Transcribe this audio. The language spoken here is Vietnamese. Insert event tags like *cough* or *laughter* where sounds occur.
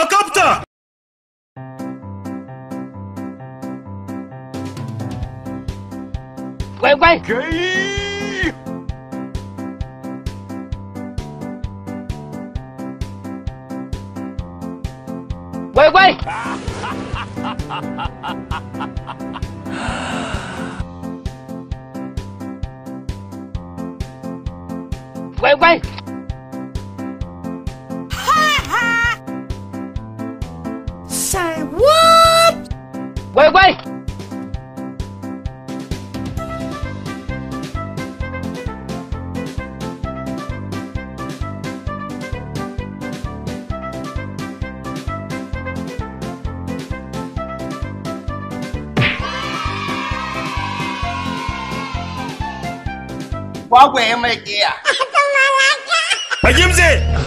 أقبت quay quay Kỳ Quay quay Quay quay quay quay quá quê em mày kìa Mày *laughs* kiếm gì